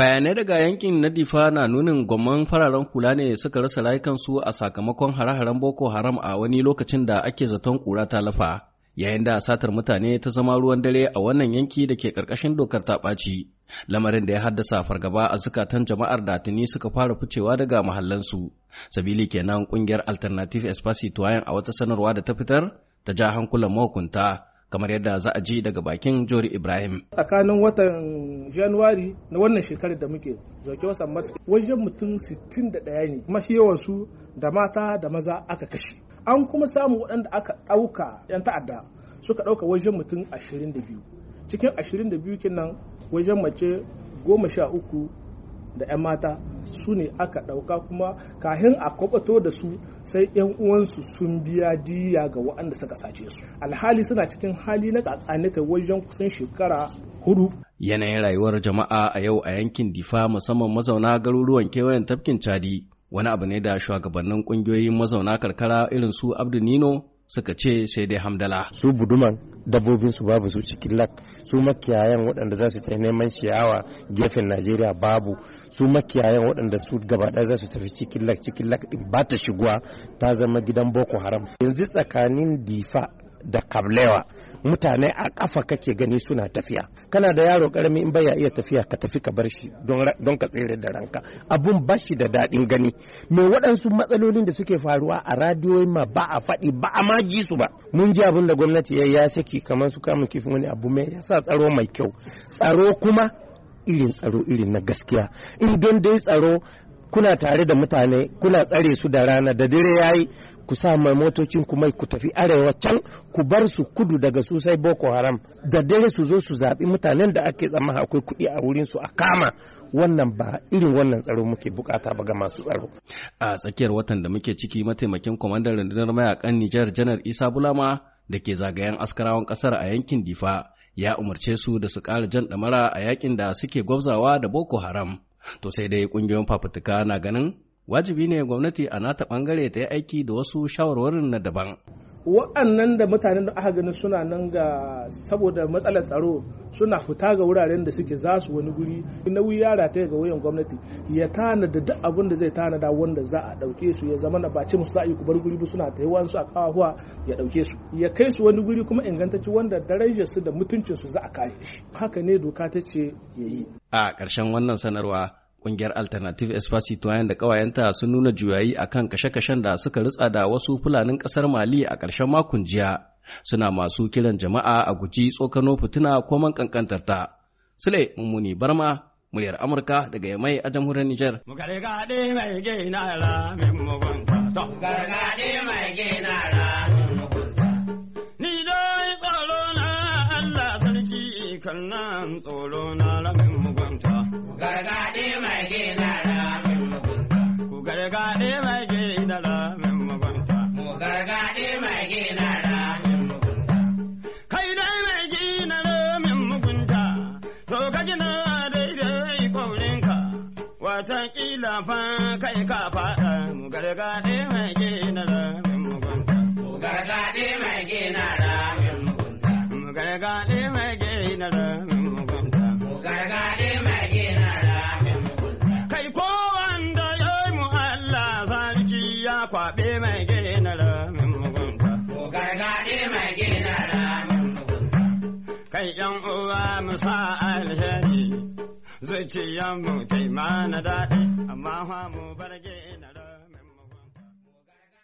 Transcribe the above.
bayanai daga yankin na difa na nunin gwamman fararen kula ne suka rasa rayukansu a sakamakon hare-haren boko haram a wani lokacin da ake zaton kura ta lafa yayin da satar mutane ta zama ruwan dare a wannan yanki da ke karkashin dokar ta ɓaci lamarin da ya haddasa fargaba a zukatan jama'ar da tuni suka fara ficewa daga mahallansu sabili kenan kungiyar alternative tuwayen a wata sanarwa da ta fitar ta ja hankulan mahukunta kamar yadda za a ji daga bakin Jori Ibrahim. Tsakanin watan Januwari na wannan shekarar da muke zauke wasan masu wajen mutum 61 ne mafi yawansu da mata da maza aka kashe. An kuma samu waɗanda aka ɗauka 'yan ta'adda suka ɗauka wajen mutum 22. Cikin 22 kinan wajen mace 13 da 'yan mata su ne aka ɗauka kuma kahin a kwabato da su sai 'yan uwansu sun biya diya ga waɗanda suka sace su alhali suna cikin hali na kakanika wajen kusan shekara hudu yanayin rayuwar jama'a a yau a yankin difa musamman mazauna garuruwan kewayen tafkin chadi wani abu ne da shugabannin ƙungiyoyin mazauna karkara irin su abdu nino suka ce sai dai hamdala su buduman dabbobin su babu su cikin lak su makiyayan waɗanda za su ta neman ciyawa gefen najeriya babu su makiyayan waɗanda su gaba ɗaya za su tafi cikin lak cikin lak ba ta shiguwa ta zama gidan boko haram yanzu tsakanin difa da kablewa mutane a ƙafa kake gani suna tafiya kana da yaro karami in baya iya tafiya ka tafi ka bar shi don ka tsere da ranka abun bashi da daɗin gani me waɗansu matsalolin da suke faruwa a radiyoyi ma ba a faɗi ba a ma ji su ba mun ji abin da gwamnati ya ya saki kamar su kamun kifin wani abu mai yasa tsaro mai kyau tsaro kuma irin tsaro irin na gaskiya in don dai tsaro kuna tare da mutane kuna tsare su da rana da dare yi ku sa mai motocin ku mai ku tafi arewa can ku bar su kudu daga su boko haram da dare su zo su zaɓi mutanen da ake tsamma akwai kuɗi a wurin su a kama wannan ba irin wannan tsaro muke bukata ba ga masu tsaro a tsakiyar watan da muke ciki mataimakin kwamandan rundunar mayakan Nijar janar Isa Bulama da ke zagayen askarawan kasar a yankin Difa ya umarce su da su ƙara jan ɗamara a yakin da suke gwabzawa da Boko Haram. To sai dai ƙungiyoyin fafutuka na ganin wajibi ne gwamnati a nata ɓangare ta yi aiki da wasu shawarwarin na daban. waɗannan da mutanen da aka gani suna nan ga saboda matsalar tsaro suna fita ga wuraren da suke za su wani guri nauyi ya rataya ga wayan gwamnati ya tanada duk abin da zai tanada wanda za a ɗauke su ya zama na baci musu za a yi kubar guri ba suna ta yawan su a kawahuwa ya ɗauke su ya kai su wani guri kuma ingantacci wanda darajar su da mutuncin su za a kare shi haka ne doka ta ce ya yi a ƙarshen wannan sanarwa Ƙungiyar Alternative Espace Citoyen da ƙawayenta sun nuna juyayi a kan kashe-kashen da suka ritsa da wasu Fulanin ƙasar Mali a ƙarshen makon jiya, suna masu kiran jama'a a guji tsokano fituna ko man ta Sule Mummuni Barma, muryar Amurka daga Yamai a jamhuriyar Nijar. sannan tsoro na ramin mugunta. Gargaɗe mai gina rabin mugunta. Ku gargaɗe mai gina rabin mugunta. mai gina mugunta. Kai dai mai gina ramin mugunta, to ka gina daidai kaurinka, watakila fa kai ka faɗa mu gargaɗe mai gina ramin mugunta. Ku gargaɗe mai gina mai gina ramin mugunta. Gargaɗi mai gina ramin mugunta. Kai taimana daɗi, amma mu